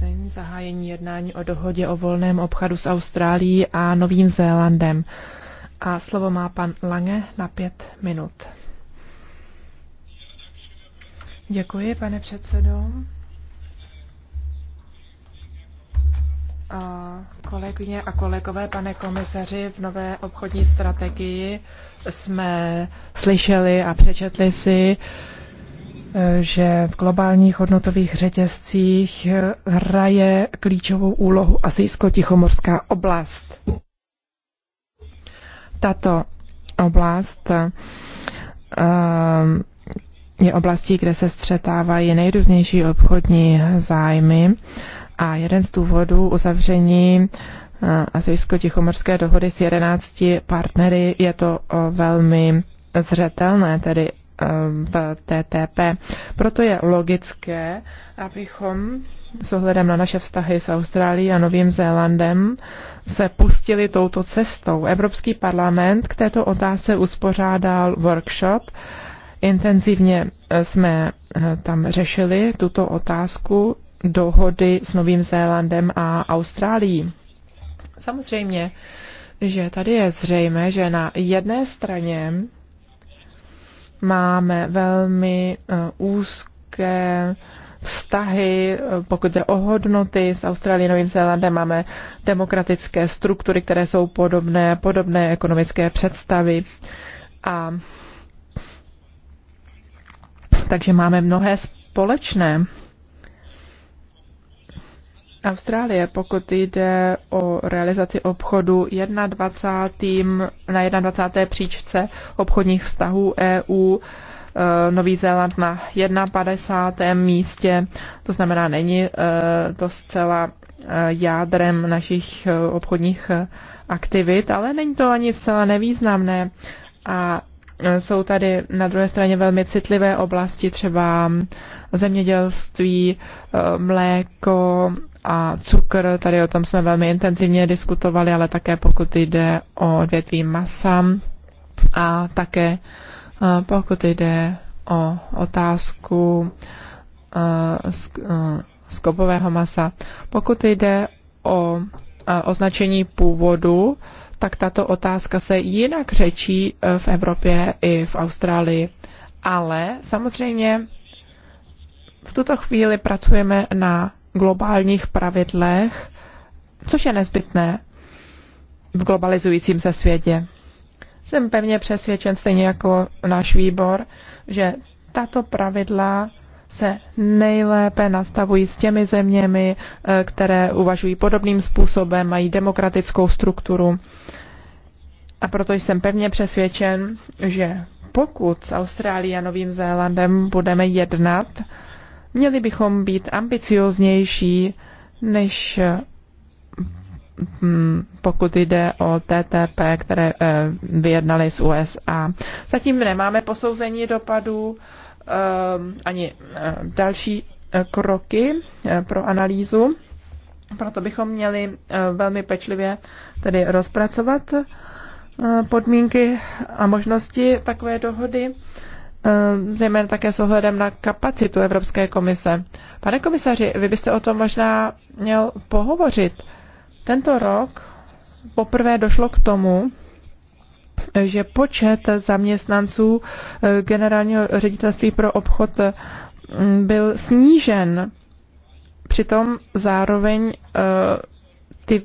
vězení, zahájení jednání o dohodě o volném obchodu s Austrálií a Novým Zélandem. A slovo má pan Lange na pět minut. Děkuji, pane předsedo. A kolegyně a kolegové, pane komisaři, v nové obchodní strategii jsme slyšeli a přečetli si, že v globálních hodnotových řetězcích hraje klíčovou úlohu Asijsko-Tichomorská oblast. Tato oblast eh, je oblastí, kde se střetávají nejrůznější obchodní zájmy a jeden z důvodů uzavření eh, Asijsko-Tichomorské dohody s 11 partnery je to eh, velmi zřetelné, tedy v TTP. Proto je logické, abychom s ohledem na naše vztahy s Austrálií a Novým Zélandem se pustili touto cestou. Evropský parlament k této otázce uspořádal workshop. Intenzivně jsme eh, tam řešili tuto otázku dohody s Novým Zélandem a Austrálií. Samozřejmě, že tady je zřejmé, že na jedné straně máme velmi eh, úzké vztahy, eh, pokud jde o hodnoty s Austrálií, Novým Zélandem, máme demokratické struktury, které jsou podobné, podobné ekonomické představy. A takže máme mnohé společné. Austrálie, pokud jde o realizaci obchodu 21. na 21. příčce obchodních vztahů EU, e, Nový Zéland na 51. místě, to znamená, není e, to zcela e, jádrem našich obchodních aktivit, ale není to ani zcela nevýznamné. A jsou tady na druhé straně velmi citlivé oblasti, třeba zemědělství, eh, mléko a cukr. Tady o tom jsme velmi intenzivně diskutovali, ale také pokud jde o odvětví masa a také eh, pokud jde o otázku eh, skopového masa. Pokud jde o označení původu, tak tato otázka se jinak řečí eh, v Evropě i v Austrálii. Ale samozřejmě v tuto chvíli pracujeme na globálních pravidlech, což je nezbytné v globalizujícím se světě. Jsem pevně přesvědčen, stejně jako náš výbor, že tato pravidla se nejlépe nastavují s těmi zeměmi, eh, které uvažují podobným způsobem, mají demokratickou strukturu. A proto jsem pevně přesvědčen, že pokud s Austrálií a Novým Zélandem budeme jednat, měli bychom být ambicioznější, než eh, hmm, pokud jde o TTP, které eh, vyjednali z USA. Zatím nemáme posouzení dopadů, Ehm, ani ehm, další eh, kroky eh, pro analýzu. Proto bychom měli eh, velmi pečlivě tedy rozpracovat podmínky a možnosti takové dohody, ehm, zejména také s ohledem na kapacitu Evropské komise. Pane komisaři, vy byste o tom možná měl pohovořit. Tento rok poprvé došlo k tomu, že počet zaměstnanců eh, generálního ředitelství pro obchod eh, byl snížen. Přitom zároveň eh, ty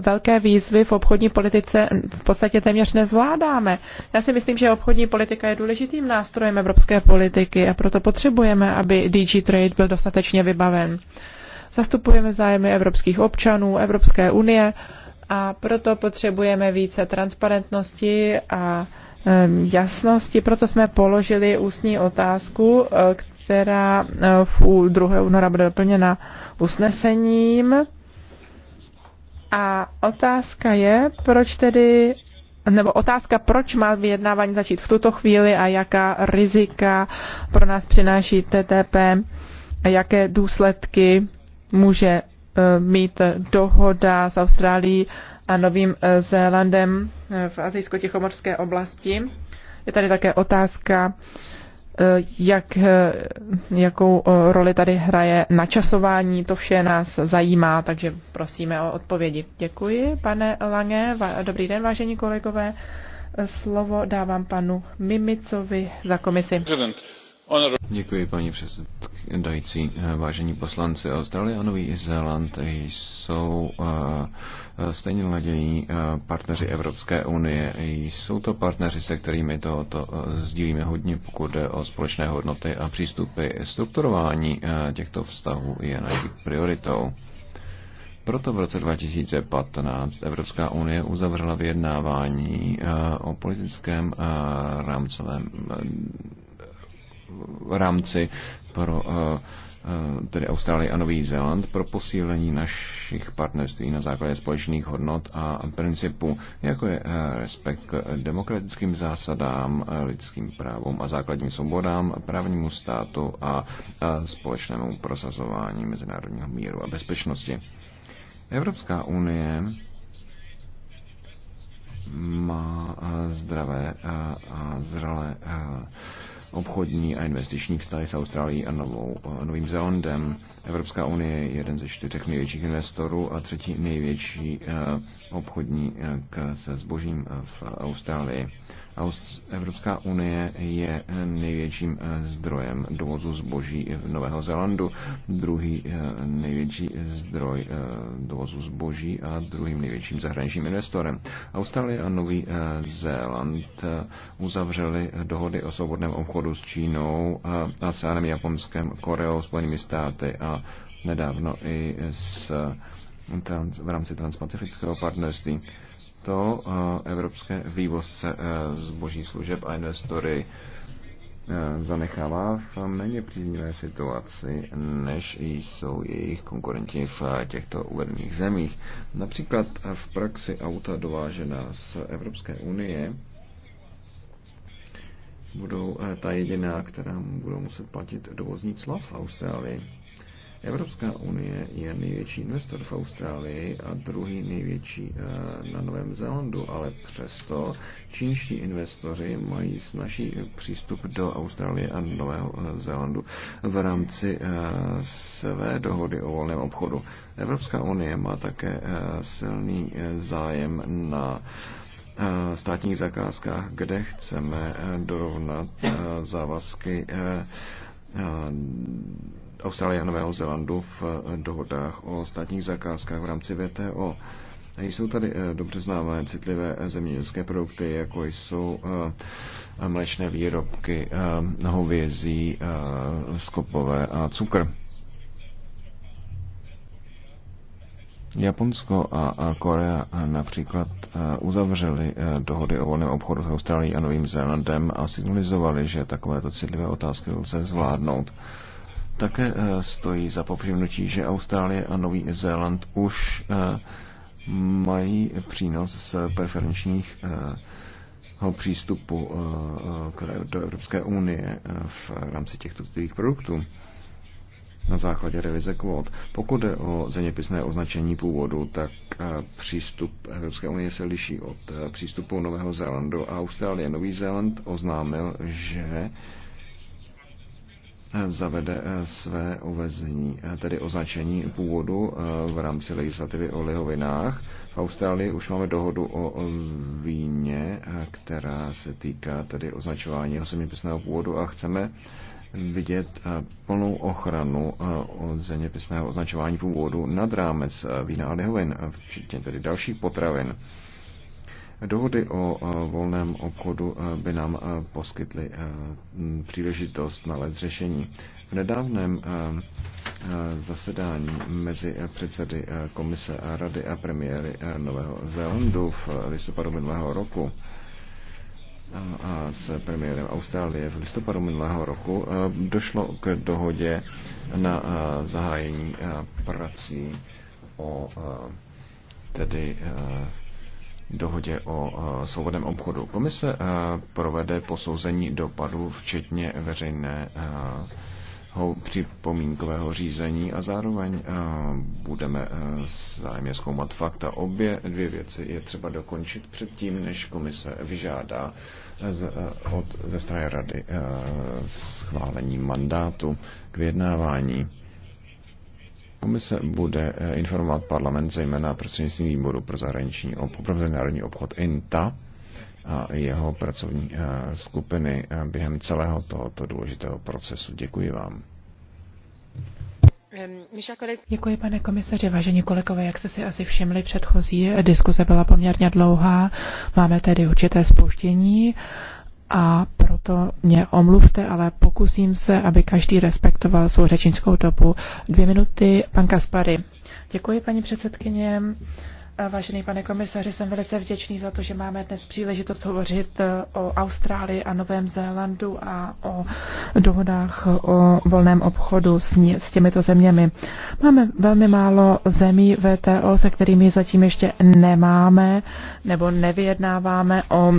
velké výzvy v obchodní politice v podstatě téměř nezvládáme. Já si myslím, že obchodní politika je důležitým nástrojem evropské politiky a proto potřebujeme, aby DG Trade byl dostatečně vybaven. Zastupujeme zájmy evropských občanů, Evropské unie a proto potřebujeme více transparentnosti a jasnosti. Proto jsme položili ústní otázku, e, která e, v 2. února bude doplněna usnesením. A otázka je, proč tedy, nebo otázka, proč má vyjednávání začít v tuto chvíli a jaká rizika pro nás přináší TTP, jaké důsledky může Eh, mít dohoda s Austrálií a Novým eh, Zélandem eh, v azijsko-tichomorské oblasti. Je tady také otázka, jak, jakou roli tady hraje načasování. To vše nás zajímá, takže prosíme o odpovědi. Děkuji, pane Lange. Dobrý den, vážení kolegové. Slovo dávám panu Mimicovi za komisi. President. Děkuji, paní předsedající. Vážení poslanci, Austrálie a Nový Zéland jsou eh, stejně nadějí eh, partneři Evropské unie. Jsou to partneři, se kterými tohoto eh, sdílíme hodně, pokud jde o společné hodnoty a přístupy. Strukturování těchto vztahů je naší prioritou. Proto v roce 2015 Evropská unie uzavřela vyjednávání o politickém rámcovém rámci pro eh, eh, tedy Austrálie a Nový Zéland pro posílení našich partnerství na základě společných hodnot a principů, jako je eh, respekt k demokratickým zásadám, lidským právům a základním svobodám, právnímu státu a společnému prosazování mezinárodního míru a bezpečnosti. Evropská unie má zdravé a zralé obchodní a investiční vztahy s Austrálií a Novou, Novým Zélandem. Evropská unie je jeden ze čtyřech největších investorů a třetí největší eh, obchodní eh, se zbožím eh, v Austrálii. Evropská unie je eh, největším eh, zdrojem dovozu zboží v Nového Zélandu, druhý eh, největší zdroj dovozu zboží a druhým největším zahraničním investorem. Austrálie a Nový Zéland uzavřeli dohody o svobodném obchodu s Čínou, ASEANem, Japonskem, Koreou, Spojenými státy a nedávno i s, v rámci transpacifického partnerství to eh, evropské vývozce eh, zboží služeb a investory eh, zanechává v méně příznivé situaci, než jsou jejich konkurenti v těchto uvedených zemích. Například v praxi auta dovážená z Evropské unie budou ta jediná, která budou muset platit dovozní clav v Austrálii. Evropská unie je největší investor v Austrálii a druhý největší eh, na Novém Zélandu, ale přesto čínští investoři mají snažší přístup do Austrálie a Nového eh, Zélandu v rámci eh, své dohody o volném obchodu. Evropská unie má také silný zájem na státních zakázkách, kde chceme dorovnat závazky Austrálie a Nového Zelandu v eh, dohodách o státních zakázkách v rámci VTO. Jsou tady eh, dobře známé citlivé eh, zemědělské produkty, jako jsou mléčné výrobky, hovězí, skopové a cukr. Japonsko a Korea například uzavřeli dohody o volném obchodu s Austrálií a Novým Zélandem a signalizovali, že takovéto citlivé otázky lze zvládnout. Také eh, stojí za povšimnutí, že Austrálie a Nový Zéland už eh, mají přínos z preferenčních eh, přístupu do Evropské unie v rámci těchto zdrojích produktů na základě revize kvót. Pokud jde o zeměpisné označení původu, tak přístup Evropské unie se liší od přístupu Nového Zélandu a Austrálie. Nový Zéland oznámil, že zavede eh, své uvezení, eh, tedy označení původu eh, v rámci legislativy o lihovinách. V Austrálii už máme dohodu o víně, která se týká tedy označování zeměpisného původu a chceme vidět plnou ochranu od zeměpisného označování původu nad rámec vína a lihovin, včetně tedy dalších potravin. Dohody o eh, volném obchodu eh, by nám eh, poskytly příležitost nalézt řešení. V nedávném zasedání mezi předsedy komise a rady a premiéry Nového Zélandu v listopadu minulého roku a s premiérem Austrálie v listopadu minulého roku došlo k dohodě na zahájení prací o tedy dohodě o svobodném obchodu. Komise e, provede posouzení dopadu, včetně veřejné připomínkového řízení a zároveň e, budeme e, zájemně zkoumat fakta. Obě dvě věci je třeba dokončit předtím, než komise vyžádá z, od, ze strany rady schválení mandátu k vyjednávání. Komise bude eh, informovat parlament zejména prostřednictvím výboru pro zahraniční obchod, pro národní obchod INTA a jeho pracovní eh, skupiny eh, během celého tohoto důležitého procesu. Děkuji vám. Ehm, Děkuji, pane komisaři. Vážení kolegové, jak jste si asi všimli, předchozí diskuze byla poměrně dlouhá. Máme tedy určité spouštění a proto mě omluvte, ale pokusím se, aby každý respektoval svou řečnickou dobu. Dvě minuty, pan Kaspary. Děkuji, paní předsedkyně. Vážený pane komisaři, jsem velice vděčný za to, že máme dnes příležitost hovořit eh, o Austrálii a Novém Zélandu a o dohodách eh, o volném obchodu s, ní, s těmito zeměmi. Máme velmi málo zemí VTO, se kterými zatím ještě nemáme nebo nevyjednáváme o, o,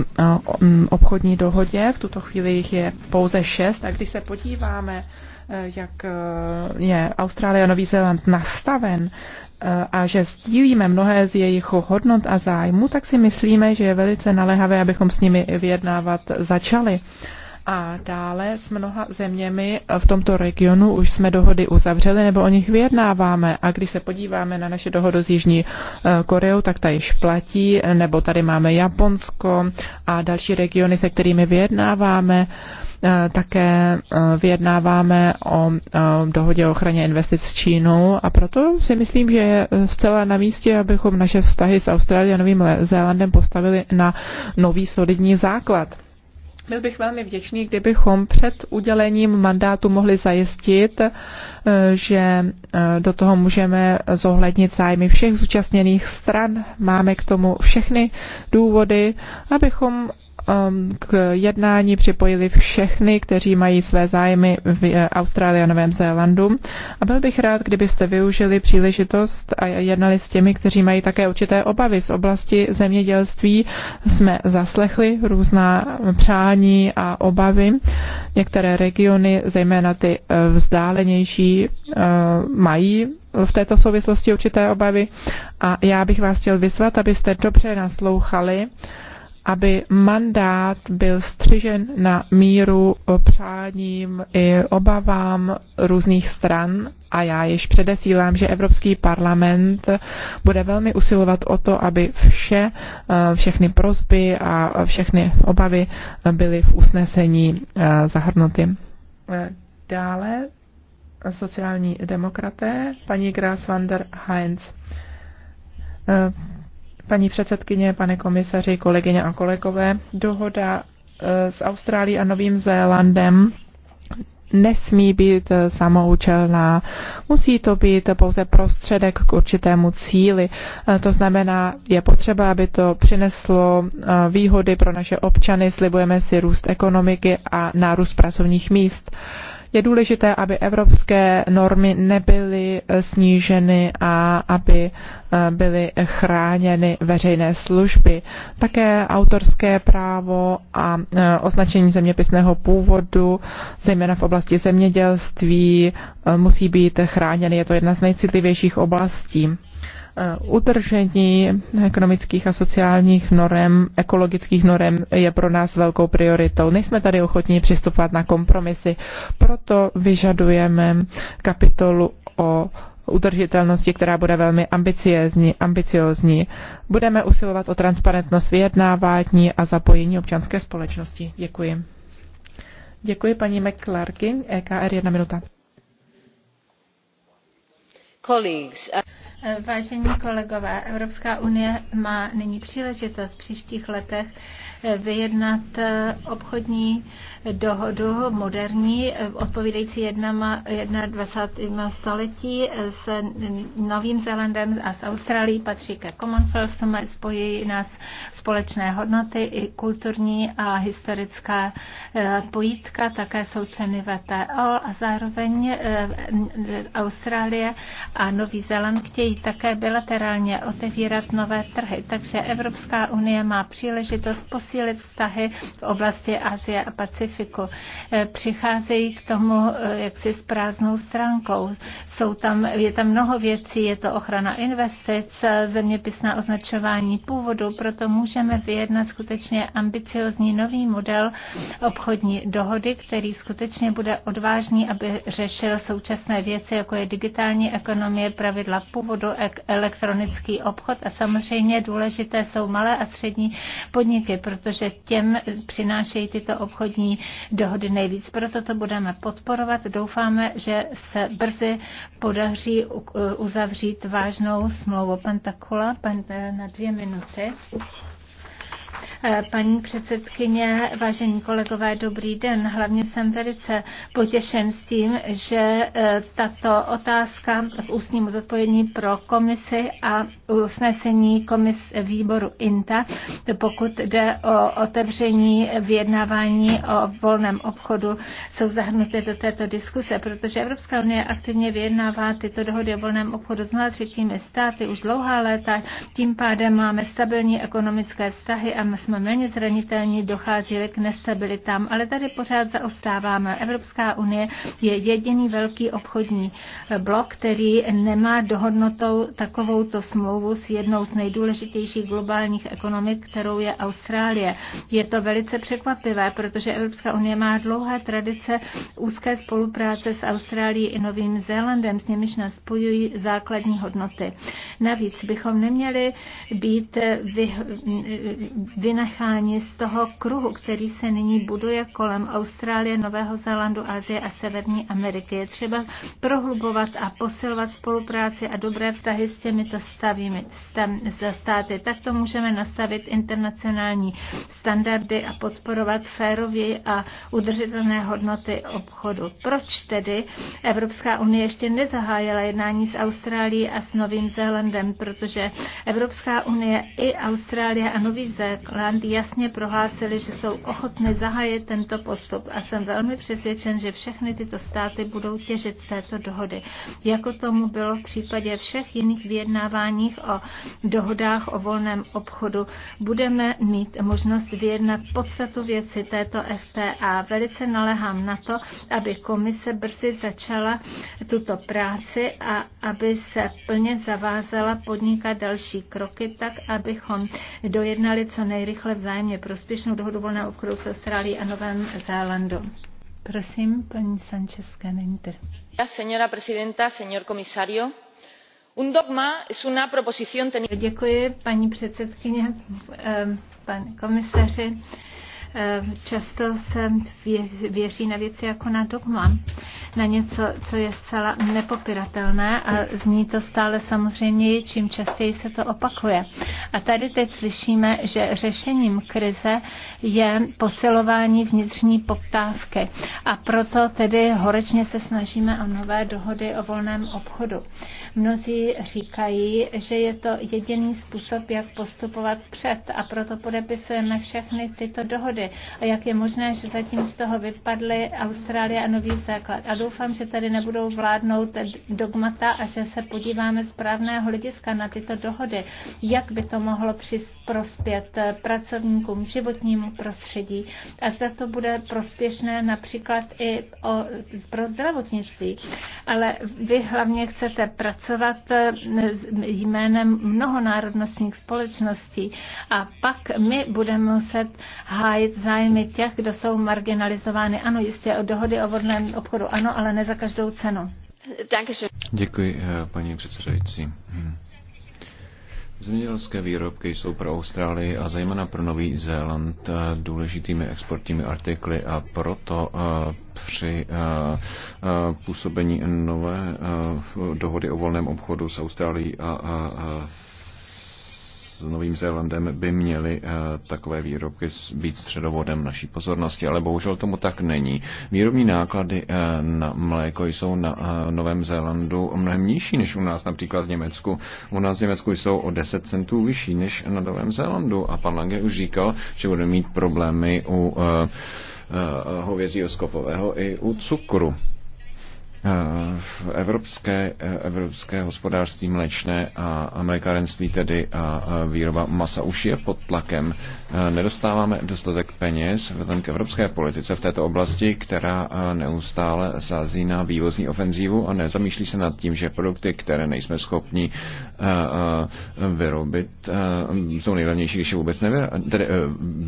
o mm, obchodní dohodě. V tuto chvíli jich je pouze šest. A když se podíváme eh, jak je Austrálie a Nový Zéland nastaven, Eh, a že sdílíme mnohé z jejich hodnot a zájmu, tak si myslíme, že je velice naléhavé, abychom s nimi vyjednávat začali. A dále s mnoha zeměmi v tomto regionu už jsme dohody uzavřeli nebo o nich vyjednáváme. A když se podíváme na naše dohodu s Jižní eh, Koreou, tak ta již platí, nebo tady máme Japonsko a další regiony, se kterými vyjednáváme. Eh, také eh, vyjednáváme o dohodě o ochraně investic s Čínou a proto si myslím, že je zcela na místě, abychom naše vztahy s Austrálií a Novým Zélandem postavili na nový solidní základ. Byl bych velmi vděčný, kdybychom před udělením mandátu mohli zajistit, eh, že eh, do toho můžeme zohlednit zájmy všech zúčastněných stran. Máme k tomu všechny důvody, abychom Um, k jednání připojili všechny, kteří mají své zájmy v eh, Austrálii a Novém Zélandu. A byl bych rád, kdybyste využili příležitost a jednali s těmi, kteří mají také určité obavy z oblasti zemědělství. Jsme zaslechli různá přání a obavy. Některé regiony, zejména ty eh, vzdálenější, eh, mají v této souvislosti určité obavy. A já bych vás chtěl vyzvat, abyste dobře naslouchali aby mandát byl střižen na míru přáním i obavám různých stran a já již předesílám, že Evropský parlament bude velmi usilovat o to, aby vše, eh, všechny prozby a všechny obavy byly v usnesení eh, zahrnuty. Eh, dále sociální demokraté, paní Gras van der Heinz. Paní předsedkyně, pane komisaři, kolegyně a kolegové, dohoda eh, s Austrálií a Novým Zélandem nesmí být eh, samoučelná. Musí to být pouze prostředek k určitému cíli. Eh, to znamená, je potřeba, aby to přineslo výhody pro naše občany, slibujeme si růst ekonomiky a nárůst pracovních míst. Je důležité, aby evropské normy nebyly eh, sníženy a aby eh, byly chráněny veřejné služby. Také autorské právo a eh, označení zeměpisného původu, zejména v oblasti zemědělství, musí být chráněny. Je to jedna z nejcitlivějších oblastí. Eh, udržení ekonomických a sociálních norem, ekologických norem je pro nás velkou prioritou. Nejsme tady ochotní přistupovat na kompromisy, proto vyžadujeme kapitolu o udržitelnosti, která bude velmi ambiciozní, ambiciozní. Budeme usilovat o transparentnost vyjednávání a zapojení občanské společnosti. Děkuji. Děkuji paní McClarkin, EKR jedna minuta. Colleagues. Uh, Vážení kolegové, Evropská unie má nyní příležitost v příštích letech vyjednat eh, obchodní dohodu moderní, eh, odpovídající 21. století eh, s Novým Zélandem a s Austrálií patří ke Commonwealthu, spojí nás společné hodnoty i kulturní a historická pojítka, také jsou členy VTO a zároveň Austrálie a Nový Zéland chtějí také bilaterálně otevírat nové trhy, takže Evropská unie má příležitost posílit posílit vztahy v oblasti Asie a Pacifiku. Eh, přicházejí k tomu eh, jaksi s prázdnou stránkou. Jsou tam, je tam mnoho věcí, je to ochrana investic, eh, zeměpisná označování původu, proto můžeme vyjednat skutečně ambiciozní nový model obchodní dohody, který skutečně bude odvážný, aby řešil současné věci, jako je digitální ekonomie, pravidla původu, elektronický obchod a samozřejmě důležité jsou malé a střední podniky, protože těm přinášejí tyto obchodní dohody nejvíc. Proto to budeme podporovat. Doufáme, že se brzy podaří uzavřít vážnou smlouvu. Pan Takula, pan, na dvě minuty. Eh, paní předsedkyně, vážení kolegové, dobrý den. Hlavně jsem velice potěšen s tím, že eh, tato otázka k ústnímu zodpovědní pro komisi a usnesení komis výboru INTA, pokud jde o otevření vyjednávání o volném obchodu, jsou zahrnuty do této diskuse, protože Evropská unie aktivně vyjednává tyto dohody o volném obchodu s mnoha třetími státy už dlouhá léta. Tím pádem máme stabilní ekonomické vztahy a jsme jsme méně zranitelní, dochází k nestabilitám, ale tady pořád zaostáváme. Evropská unie je jediný velký obchodní blok, který nemá dohodnotou takovouto smlouvu s jednou z nejdůležitějších globálních ekonomik, kterou je Austrálie. Je to velice překvapivé, protože Evropská unie má dlouhé tradice úzké spolupráce s Austrálií i Novým Zélandem, s nimiž nás spojují základní hodnoty. Navíc bychom neměli být vy, vy, vynecháni z toho kruhu, který se nyní buduje kolem Austrálie, Nového Zélandu, Asie a Severní Ameriky. Je třeba prohlubovat a posilovat spolupráci a dobré vztahy s těmito stavími, stav, státy. Takto můžeme nastavit internacionální standardy a podporovat férově a udržitelné hodnoty obchodu. Proč tedy Evropská unie ještě nezahájila jednání s Austrálií a s Novým Zélandem? Protože Evropská unie i Austrálie a Nový Zéland Island jasně prohlásili, že jsou ochotny zahájit tento postup a jsem velmi přesvědčen, že všechny tyto státy budou těžit z této dohody, jako tomu bylo v případě všech jiných vyjednáváních o dohodách o volném obchodu. Budeme mít možnost vyjednat podstatu věci této FTA. Velice nalehám na to, aby komise brzy začala tuto práci a aby se plně zavázala podnikat další kroky tak, abychom dojednali co nejrychleji rychle vzájemně prospěšnou dohodu volného obchodu s Austrálií a Novém Zélandu. Prosím, paní Sanchez Canenter. Señora presidenta, señor comisario. Un dogma es una proposición tenida. Děkuji, paní předsedkyně, eh, pane komisaři Eh, často se věří na věci jako na dogma, na něco, co je zcela nepopiratelné a zní to stále samozřejmě, čím častěji se to opakuje. A tady teď slyšíme, že řešením krize je posilování vnitřní poptávky a proto tedy horečně se snažíme o nové dohody o volném obchodu. Mnozí říkají, že je to jediný způsob, jak postupovat před a proto podepisujeme všechny tyto dohody a jak je možné, že zatím z toho vypadly Austrálie a Nový základ. A doufám, že tady nebudou vládnout dogmata a že se podíváme z právného hlediska na tyto dohody, jak by to mohlo prospět pracovníkům, životnímu prostředí a zda to bude prospěšné například i o, pro zdravotnictví. Ale vy hlavně chcete pracovat jménem mnohonárodnostních společností a pak my budeme muset hájit hájit zájmy těch, kdo jsou marginalizovány. Ano, jistě o dohody o vodném obchodu, ano, ale ne za každou cenu. Děkuji, eh, paní předsedající. Hmm. Zemědělské výrobky jsou pro Austrálii a zejména pro Nový Zéland eh, důležitými exportními artikly a proto eh, při působení nové dohody o volném obchodu s Austrálií a Novým Zélandem by měly eh, takové výrobky být středovodem naší pozornosti, ale bohužel tomu tak není. Výrobní náklady eh, na mléko jsou na eh, Novém Zélandu mnohem nižší než u nás, například v Německu. U nás v Německu jsou o 10 centů vyšší než na Novém Zélandu a pan Lange už říkal, že budeme mít problémy u hovězího skopového i u cukru v evropské, evropské hospodářství mléčné a mlékárenství tedy a výroba masa už je pod tlakem. Nedostáváme dostatek peněz vzhledem k evropské politice v této oblasti, která neustále sází na vývozní ofenzívu a nezamýšlí se nad tím, že produkty, které nejsme schopni vyrobit, jsou nejlevnější, když je vůbec nevy, tedy e,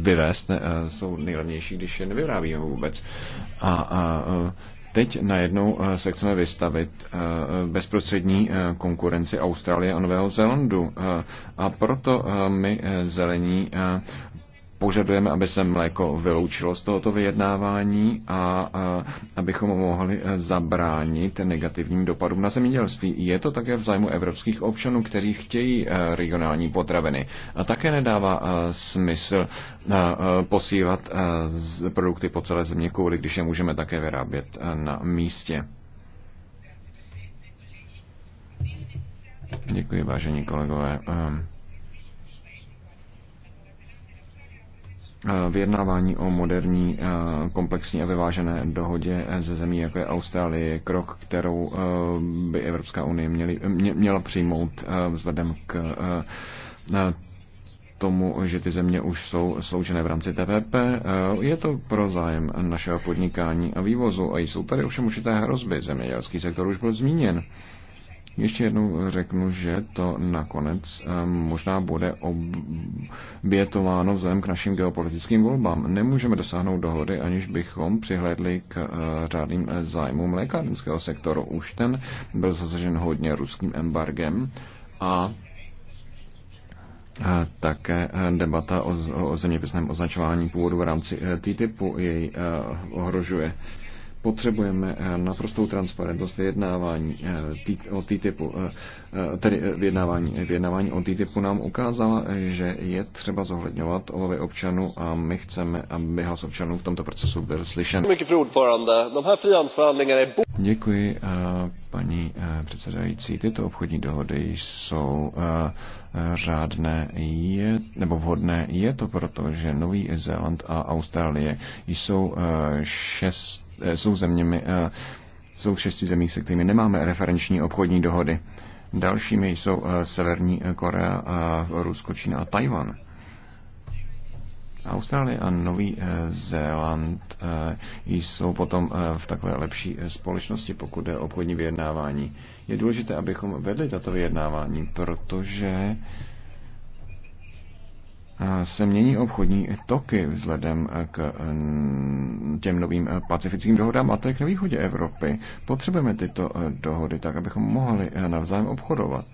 vyvést, jsou nejlevnější, když je nevyrábíme vůbec. A, a Teď najednou eh, se chceme vystavit eh, bezprostřední eh, konkurenci Austrálie a Nového Zélandu. A proto my zelení požadujeme, aby se mléko vyloučilo z tohoto vyjednávání a abychom mohli zabránit negativním dopadům na zemědělství. Je to také v zájmu evropských občanů, kteří chtějí e, regionální potraviny. A také nedává e, smysl e, posílat produkty po celé země kvůli, když je můžeme také vyrábět na místě. Děkuji, vážení kolegové. Eh, vyjednávání o moderní, eh, komplexní a vyvážené dohodě ze zemí, jako je Austrálie, je krok, kterou eh, by Evropská unie měli, měla přijmout vzhledem k tomu, že ty země už jsou sloučené v rámci TPP. Je to pro zájem našeho podnikání a vývozu a jsou tady ovšem určité hrozby. Zemědělský sektor už byl zmíněn. Ještě jednou řeknu, že to nakonec eh, možná bude obětováno vzhledem k našim geopolitickým volbám. Nemůžeme dosáhnout dohody, aniž bychom přihlédli k eh, řádným eh, zájmům lékárnického sektoru. Už ten byl zasažen hodně ruským embargem a také debata o, o zeměpisném označování původu v rámci TTIPu jej ohrožuje potřebujeme eh, naprostou transparentnost vyjednávání eh, o TTIPu, eh, tedy vyjednávání, vyjednávání o TTIPu nám ukázala, že je třeba zohledňovat obavy občanů a my chceme, aby hlas občanů v tomto procesu byl slyšen. Děkuji, paní předsedající. Tyto obchodní dohody jsou řádné je, nebo vhodné. Je to proto, že Nový Zéland a Austrálie jsou šest Eh, jsou zeměmi, eh, jsou šesti zemích, se kterými nemáme referenční obchodní dohody. Dalšími jsou eh, Severní Korea, Rusko, Čína a Tajvan. Austrálie a Nový Zéland jsou potom v takové lepší společnosti, pokud je obchodní vyjednávání. Je důležité, abychom vedli tato vyjednávání, protože se mění obchodní toky vzhledem k eh, těm novým eh, pacifickým dohodám a to je k nevýhodě Evropy. Potřebujeme tyto eh, dohody tak, abychom mohli navzájem obchodovat.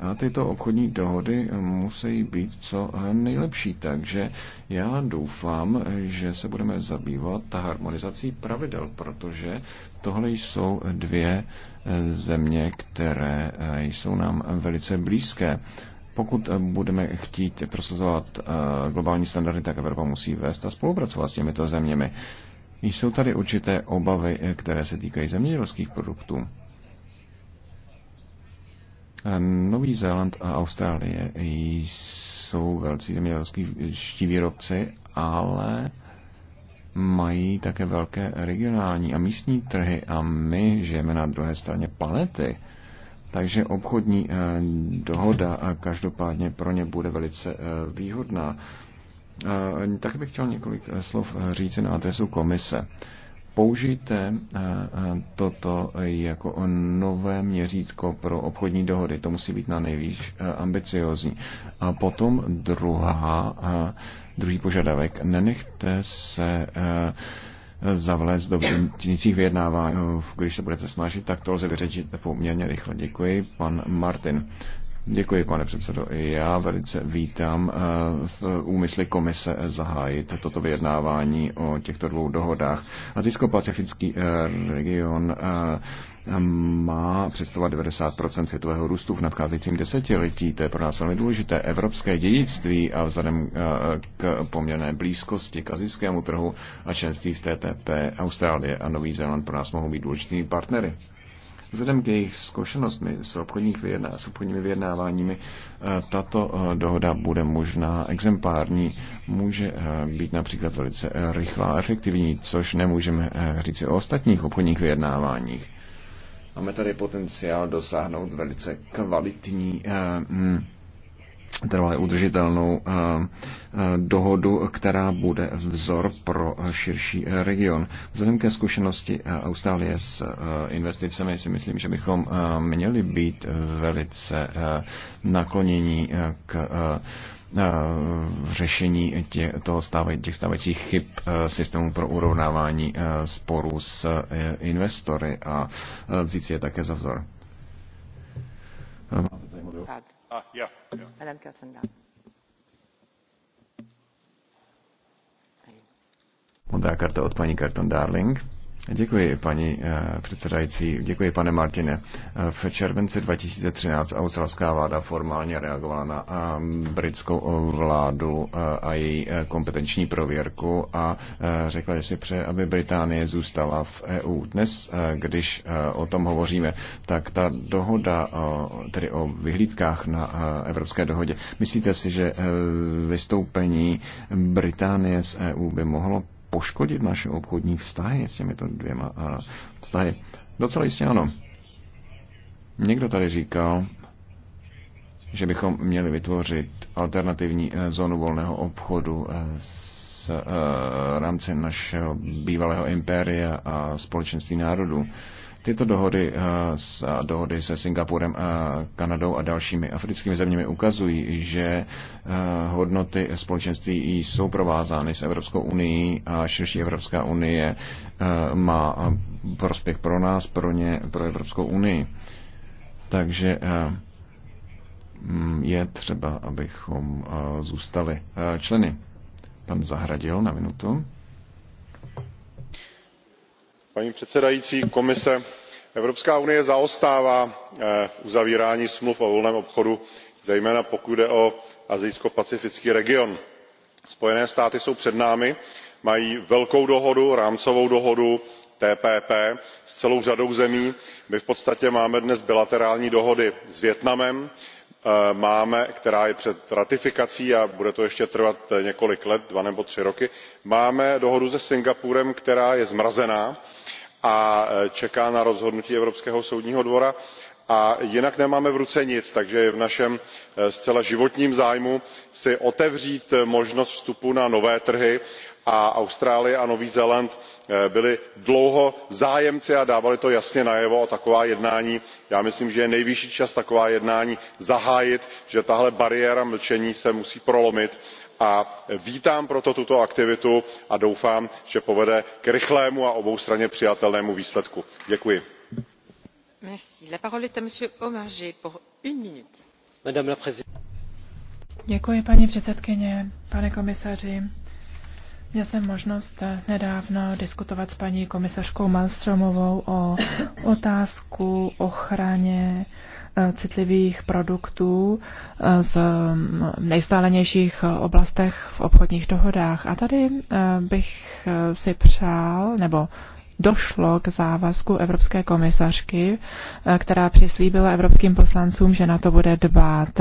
A tyto obchodní dohody musí být co nejlepší, takže já doufám, že se budeme zabývat ta harmonizací pravidel, protože tohle jsou dvě země, které jsou nám velice blízké pokud eh, budeme chtít prosazovat eh, globální standardy, tak Evropa musí vést a spolupracovat s těmito zeměmi. Jsou tady určité obavy, eh, které se týkají zemědělských produktů. Nový Zéland a Austrálie jsou velcí zemědělskí výrobci, ale mají také velké regionální a místní trhy a my žijeme na druhé straně planety takže obchodní eh, dohoda každopádně pro ně bude velice eh, výhodná. Eh, tak bych chtěl několik slov říci na adresu komise. Použijte toto jako nové měřítko pro obchodní dohody. To musí být na nejvíc ambiciozní. A potom druhá, druhý požadavek. Nenechte se zavlézt do vnitřních vyjednávání. Když se budete snažit, tak to lze vyřešit poměrně rychle. Děkuji, pan Martin. Děkuji, pane předsedo. Já velice vítám eh, v úmysli komise zahájit toto vyjednávání o těchto dvou dohodách. Azijsko-pacifický eh, region eh, má představovat 90% světového růstu v nadcházejícím desetiletí. To je pro nás velmi důležité. Evropské dědictví a vzhledem k poměrné blízkosti k azijskému trhu a členství v TTP Austrálie a Nový Zéland pro nás mohou být důležitými partnery. Vzhledem k jejich zkušenostmi s, obchodních vyjedná, s obchodními vyjednáváními, eh, tato eh, dohoda bude možná exemplární, může eh, být například velice rychlá a efektivní, což nemůžeme říct o ostatních obchodních vyjednáváních. Máme tady potenciál dosáhnout velice kvalitní eh, mm, trvalé udržitelnou eh, eh, dohodu, která bude vzor pro širší eh, region. Vzhledem ke zkušenosti Austrálie s investicemi si myslím, že bychom měli být velice naklonění k v řešení tě, toho stávaj, těch stávajících chyb systému pro urovnávání sporů s investory a vzít si je také za vzor. Yeah, yeah. Madame Kirchner. Modrá karta od paní Carton Darling. Děkuji, paní eh, předsedající. Děkuji, pane Martine. Eh, v červenci 2013 australská vláda formálně reagovala na eh, britskou vládu a její kompetenční prověrku a řekla, že si přeje, aby Británie zůstala v EU. Dnes, když o tom hovoříme, tak ta dohoda, tedy o vyhlídkách na evropské dohodě, myslíte si, že vystoupení Británie z EU by mohlo poškodit naše obchodní vztahy s těmito dvěma vztahy? Docela jistě ano. Někdo tady říkal, že bychom měli vytvořit alternativní e, zónu volného obchodu e, s e, rámci našeho bývalého impéria a společenství národů. Tyto dohody, eh, s, dohody se Singapurem, Kanadou a dalšími africkými zeměmi ukazují, že eh, hodnoty společenství jsou provázány s Evropskou unii a širší Evropská unie eh, má prospěch pro nás, pro ně, pro Evropskou unii. Takže mm, je třeba, abychom zůstali členy. Pan Zahradil na minutu paní předsedající komisaři evropská unie zaostává eh, v uzavírání smluv o volném obchodu zejména pokud jde o asijsko pacifický region. spojené státy jsou před námi mají velkou dohodu rámcovou dohodu tpp s celou řadou zemí my v podstatě máme dnes bilaterální dohody s vietnamem Eh, máme která je před ratifikací a bude to ještě trvat eh, několik let dva nebo tři roky máme dohodu se singapurem která je zmrazená a eh, čeká na rozhodnutí evropského soudního dvora a jinak nemáme v ruce nic takže je v našem zcela životním zájmu si otevřít možnost vstupu na nové trhy a austrálie a nový zéland eh, byly dlouho zájemci a dávaly to jasně najevo o taková jednání. já myslím že je nejvyšší čas taková jednání zahájit že tahle bariéra mlčení se musí prolomit a vítám proto tuto aktivitu a doufám že povede k rychlému a oboustranně přijatelnému výsledku. děkuji. Děkuji paní předsedkyně, pane komisaři. Měl jsem možnost eh, nedávno diskutovat s paní komisařkou Malstromovou o otázku ochraně eh, citlivých produktů eh, z mm, nejstálenějších oblastech v obchodních dohodách. A tady bych si přál, nebo došlo k závazku Evropské komisařky, která přislíbila evropským poslancům, že na to bude dbát.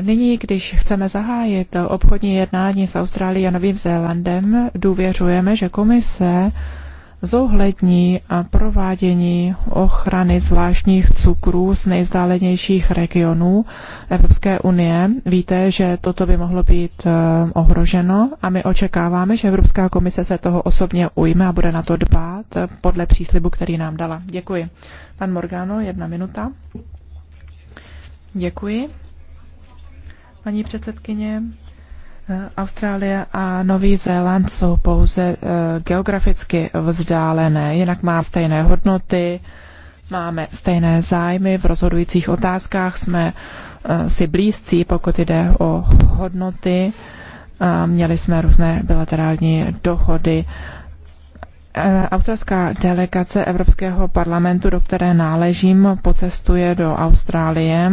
Nyní, když chceme zahájit obchodní jednání s Austrálií a Novým Zélandem, důvěřujeme, že komise zohlední a provádění ochrany zvláštních cukrů z nejzdálenějších regionů Evropské unie. Víte, že toto by mohlo být eh, ohroženo a my očekáváme, že Evropská komise se toho osobně ujme a bude na to dbát podle příslibu, který nám dala. Děkuji. Pan Morgano, jedna minuta. Děkuji. Paní předsedkyně, eh, Austrálie a Nový Zéland jsou pouze eh, geograficky vzdálené, jinak má stejné hodnoty, máme stejné zájmy, v rozhodujících otázkách jsme eh, si blízcí, pokud jde o hodnoty. Měli jsme různé bilaterální dohody. Australská delegace Evropského parlamentu, do které náležím, pocestuje do Austrálie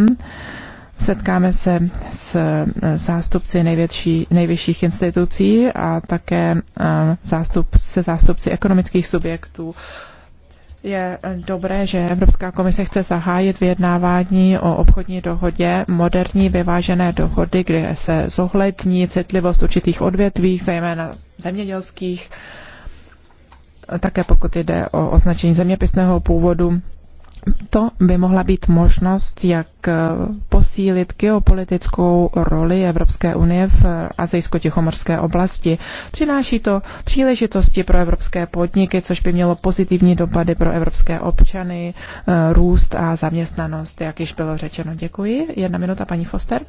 Setkáme se s eh, zástupci největší, nejvyšších institucí a také eh, zástup, se zástupci ekonomických subjektů. Je eh, dobré, že Evropská komise chce zahájit vyjednávání o obchodní dohodě moderní vyvážené dohody, kde se zohlední citlivost určitých odvětví, zejména zemědělských, také pokud jde o označení zeměpisného původu. To by mohla být možnost, jak posílit geopolitickou roli Evropské unie v azijsko-tichomorské oblasti. Přináší to příležitosti pro evropské podniky, což by mělo pozitivní dopady pro evropské občany, eh, růst a zaměstnanost, jak již bylo řečeno. Děkuji. Jedna minuta, paní Foster.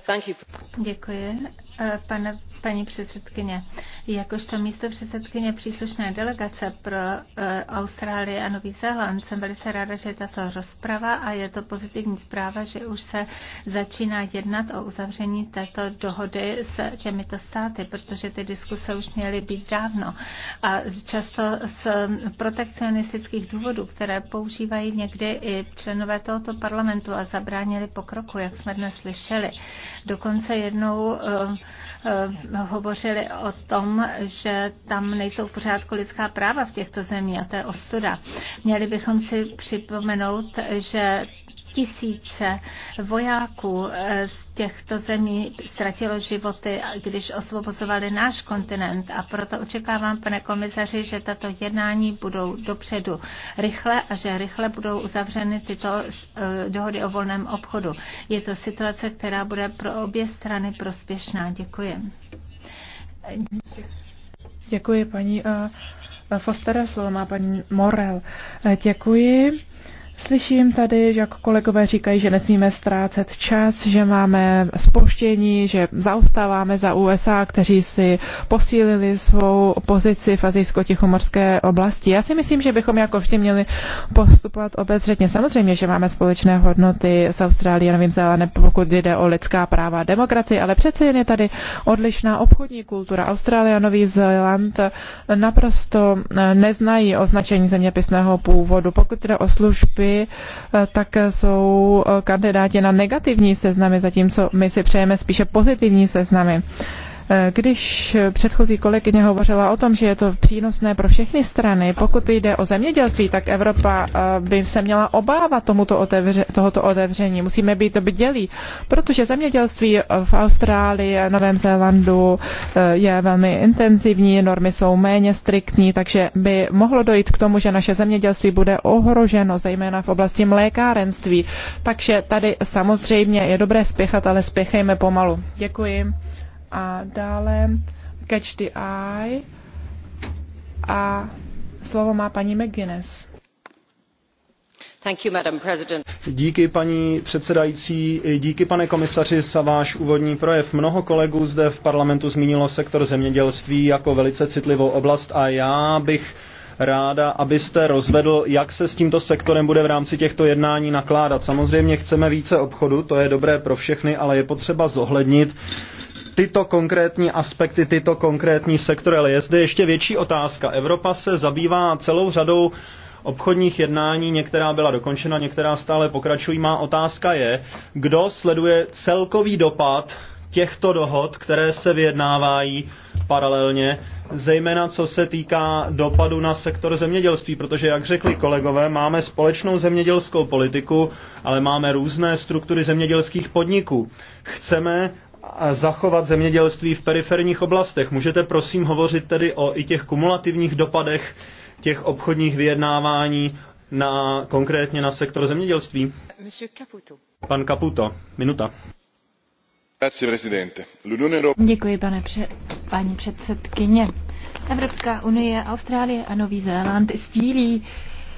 Děkuji, eh, pane, paní předsedkyně. Jakožto místo předsedkyně příslušné delegace pro eh, Austrálii a Nový Zéland jsem velice ráda, že je tato rozprava a je to pozitivní zpráva, že už se začíná jednat o uzavření této dohody s těmito státy, protože ty diskuse už měly být dávno. A často z protekcionistických důvodů, které používají někdy i členové tohoto parlamentu a zabránili pokroku, jak jsme dnes slyšeli. Dokonce jednou eh, eh, hovořili o tom, že tam nejsou v pořádku lidská práva v těchto zemích a to je ostuda. Měli bychom si připomenout, že tisíce vojáků eh, z těchto zemí ztratilo životy, když osvobozovali náš kontinent a proto očekávám, pane komisaři, že tato jednání budou dopředu rychle a že rychle budou uzavřeny tyto eh, dohody o volném obchodu. Je to situace, která bude pro obě strany prospěšná. Děkuji. Děkuji paní eh, Fostera, slovo má paní Morel. Děkuji. Slyším tady, že jako kolegové říkají, že nesmíme ztrácet čas, že máme spoštění, že zaostáváme za USA, kteří si posílili svou pozici v azijsko-tichomorské oblasti. Já si myslím, že bychom jako vždy měli postupovat obezřetně. Samozřejmě, že máme společné hodnoty s Austrálií a Novým Zélandem, pokud jde o lidská práva a demokracii, ale přece jen je tady odlišná obchodní kultura. Austrálie a Nový Zéland naprosto neznají označení zeměpisného původu. Pokud jde o služby, Evropy, eh, tak jsou eh, kandidáti na negativní seznamy, zatímco my si přejeme spíše pozitivní seznamy. Když předchozí kolegyně hovořila o tom, že je to přínosné pro všechny strany, pokud jde o zemědělství, tak Evropa eh, by se měla obávat tomuto otevře, tohoto otevření. Musíme být bdělí, protože zemědělství v Austrálii a Novém Zélandu eh, je velmi intenzivní, normy jsou méně striktní, takže by mohlo dojít k tomu, že naše zemědělství bude ohroženo, zejména v oblasti mlékárenství. Takže tady samozřejmě je dobré spěchat, ale spěchejme pomalu. Děkuji. A dále Catch the Eye a slovo má paní McGuinness. You, díky paní předsedající, díky pane komisaři za váš úvodní projev. Mnoho kolegů zde v parlamentu zmínilo sektor zemědělství jako velice citlivou oblast a já bych ráda, abyste rozvedl, jak se s tímto sektorem bude v rámci těchto jednání nakládat. Samozřejmě chceme více obchodu, to je dobré pro všechny, ale je potřeba zohlednit, tyto konkrétní aspekty, tyto konkrétní sektory. Ale je zde ještě větší otázka. Evropa se zabývá celou řadou obchodních jednání, některá byla dokončena, některá stále pokračují. Má otázka je, kdo sleduje celkový dopad těchto dohod, které se vyjednávají paralelně, zejména co se týká dopadu na sektor zemědělství, protože, jak řekli kolegové, máme společnou zemědělskou politiku, ale máme různé struktury zemědělských podniků. Chceme zachovat zemědělství v periferních oblastech. Můžete prosím hovořit tedy o i těch kumulativních dopadech těch obchodních vyjednávání na, konkrétně na sektor zemědělství? Caputo. Pan Caputo, minuta. Děkuji, pane pře- paní předsedkyně. Evropská unie, Austrálie a Nový Zéland sdílí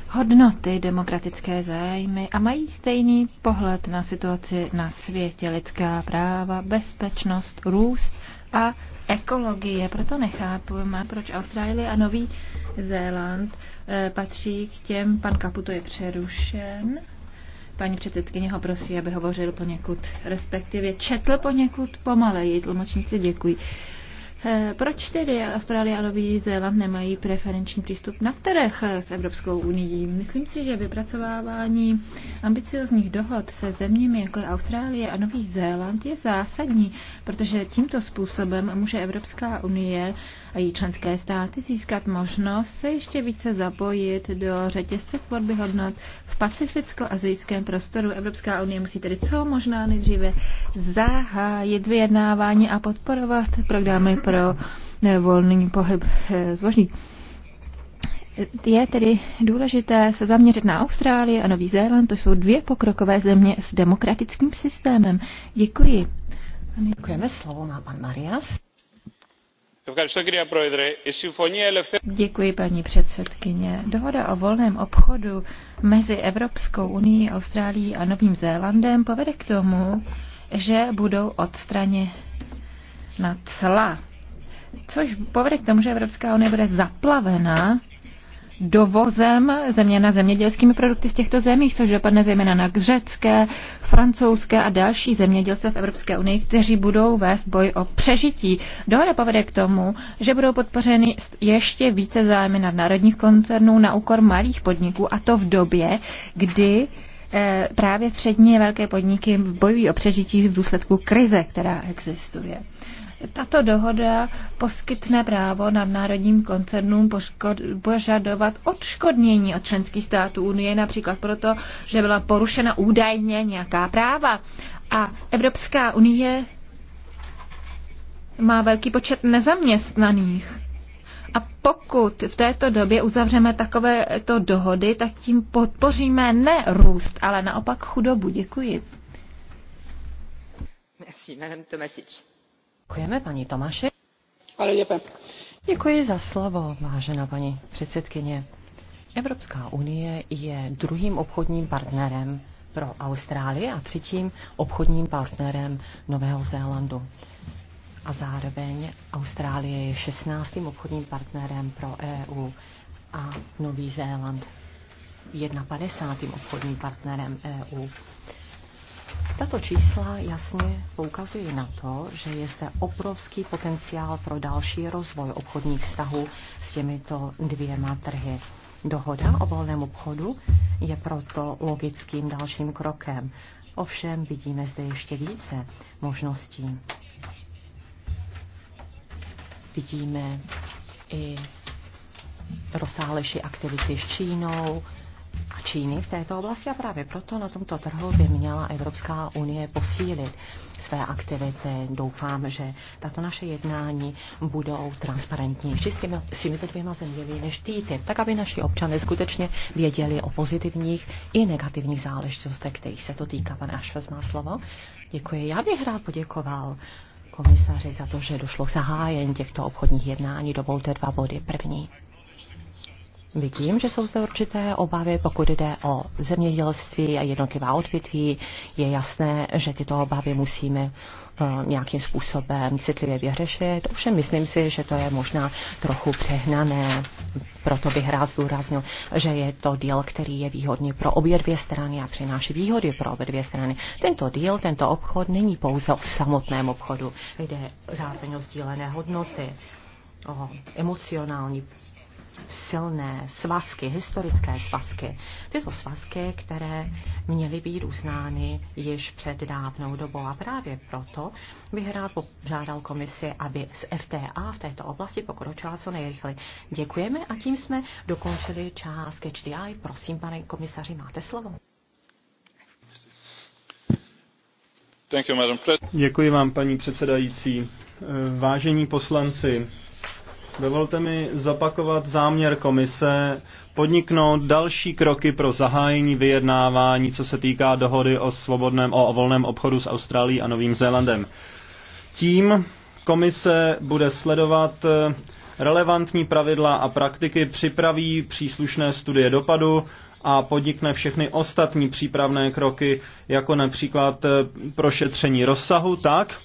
hodnoty, demokratické zájmy a mají stejný pohled na situaci na světě, lidská práva, bezpečnost, růst a ekologie. Proto nechápeme, proč Austrálie a Nový Zéland eh, patří k těm, pan Kaputo je přerušen, paní předsedkyně ho prosí, aby hovořil poněkud, respektive četl poněkud pomaleji, tlumočníci děkuji. Eh, proč tedy Austrálie a Nový Zéland nemají preferenční přístup na trh s Evropskou unii? Myslím si, že vypracovávání ambiciozních dohod se zeměmi, jako je Austrálie a Nový Zéland, je zásadní, protože tímto způsobem může Evropská unie a její členské státy získat možnost se ještě více zapojit do řetězce tvorby hodnot v pacificko-azijském prostoru. Evropská unie musí tedy co možná nejdříve zahájit vyjednávání a podporovat programy pro eh, volný pohyb eh, zboží. Je tedy důležité se zaměřit na Austrálii a Nový Zéland, to jsou dvě pokrokové země s demokratickým systémem. Děkuji. Děkujeme, slovo má pan Marias. Děkuji, paní předsedkyně. Dohoda o volném obchodu mezi Evropskou unii, Austrálií a Novým Zélandem povede k tomu, že budou odstraněna cla, což povede k tomu, že Evropská unie bude zaplavena dovozem země na zemědělskými produkty z těchto zemí, což dopadne zejména na řecké, francouzské a další zemědělce v Evropské unii, kteří budou vést boj o přežití. Dohoda povede k tomu, že budou podpořeny ještě více zájmy nadnárodních koncernů na úkor malých podniků a to v době, kdy eh, právě střední a velké podniky bojují o přežití v důsledku krize, která existuje. Tato dohoda poskytne právo nadnárodním koncernům požadovat odškodnění od členských států Unie, například proto, že byla porušena údajně nějaká práva. A Evropská unie má velký počet nezaměstnaných. A pokud v této době uzavřeme takovéto dohody, tak tím podpoříme ne růst, ale naopak chudobu. Děkuji. Merci, Madame Tomasic Děkujeme, paní Tomáše. Ale děkujeme. Děkuji za slovo, vážená paní předsedkyně. Evropská unie je druhým obchodním partnerem pro Austrálii a třetím obchodním partnerem Nového Zélandu. A zároveň Austrálie je šestnáctým obchodním partnerem pro EU a Nový Zéland 51. obchodním partnerem EU. Tato čísla jasně poukazují na to, že je zde obrovský potenciál pro další rozvoj obchodních vztahů s těmito dvěma trhy. Dohoda o volném obchodu je proto logickým dalším krokem. Ovšem vidíme zde ještě více možností. Vidíme i rozsáhlejší aktivity s Čínou, a Číny v této oblasti a právě proto na tomto trhu by měla Evropská unie posílit své aktivity. Doufám, že tato naše jednání budou transparentní. s, těmi, s těmito dvěma zeměmi než TTIP, tak aby naši občané skutečně věděli o pozitivních i negativních záležitostech, kterých se to týká. Pane Ašves má slovo. Děkuji. Já bych rád poděkoval komisaři za to, že došlo k zahájení těchto obchodních jednání. Dovolte dva body. První Vidím, že jsou zde určité obavy, pokud jde o zemědělství a jednotlivá odvětví. Je jasné, že tyto obavy musíme eh, nějakým způsobem citlivě vyřešit. Ovšem myslím si, že to je možná trochu přehnané. Proto bych rád zdůraznil, že je to díl, který je výhodný pro obě dvě strany a přináší výhody pro obě dvě strany. Tento díl, tento obchod není pouze o samotném obchodu. Jde zároveň o sdílené hodnoty, o emocionální silné svazky, historické svazky. Tyto svazky, které měly být uznány již před dávnou dobou a právě proto bych rád požádal komisi, aby z FTA v této oblasti pokročila co nejrychleji. Děkujeme a tím jsme dokončili část Catch the Eye. Prosím, pane komisaři, máte slovo. Děkuji vám, paní předsedající. Vážení poslanci, Dovolte mi zopakovat záměr komise podniknout další kroky pro zahájení vyjednávání, co se týká dohody o, svobodném, o volném obchodu s Austrálií a Novým Zélandem. Tím komise bude sledovat eh, relevantní pravidla a praktiky, připraví příslušné studie dopadu a podnikne všechny ostatní přípravné kroky, jako například eh, prošetření rozsahu tak,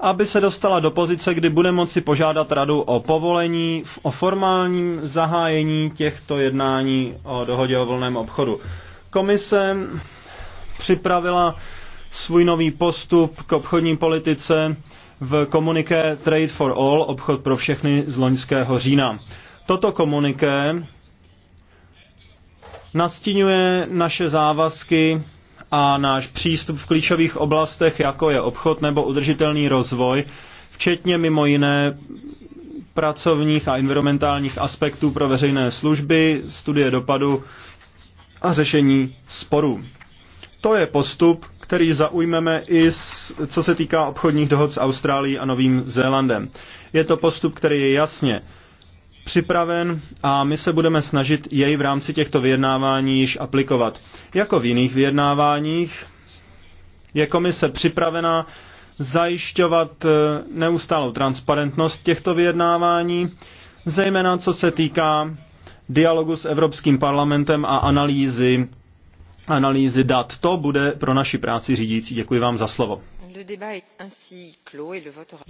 aby se dostala do pozice, kdy bude moci požádat radu o povolení, o formálním zahájení těchto jednání o dohodě o volném obchodu. Komise připravila svůj nový postup k obchodní politice v komuniké Trade for All, obchod pro všechny z loňského října. Toto komuniké nastínuje naše závazky a náš přístup v klíčových oblastech, jako je obchod nebo udržitelný rozvoj, včetně mimo jiné pracovních a environmentálních aspektů pro veřejné služby, studie dopadu a řešení sporů. To je postup, který zaujmeme i s, co se týká obchodních dohod s Austrálií a Novým Zélandem. Je to postup, který je jasně připraven a my se budeme snažit jej v rámci těchto vyjednávání již aplikovat. Jako v jiných vyjednáváních je komise připravena zajišťovat eh, neustálou transparentnost těchto vyjednávání, zejména co se týká dialogu s Evropským parlamentem a analýzy, analýzy dat. To bude pro naši práci řídící. Děkuji vám za slovo. Děkuji.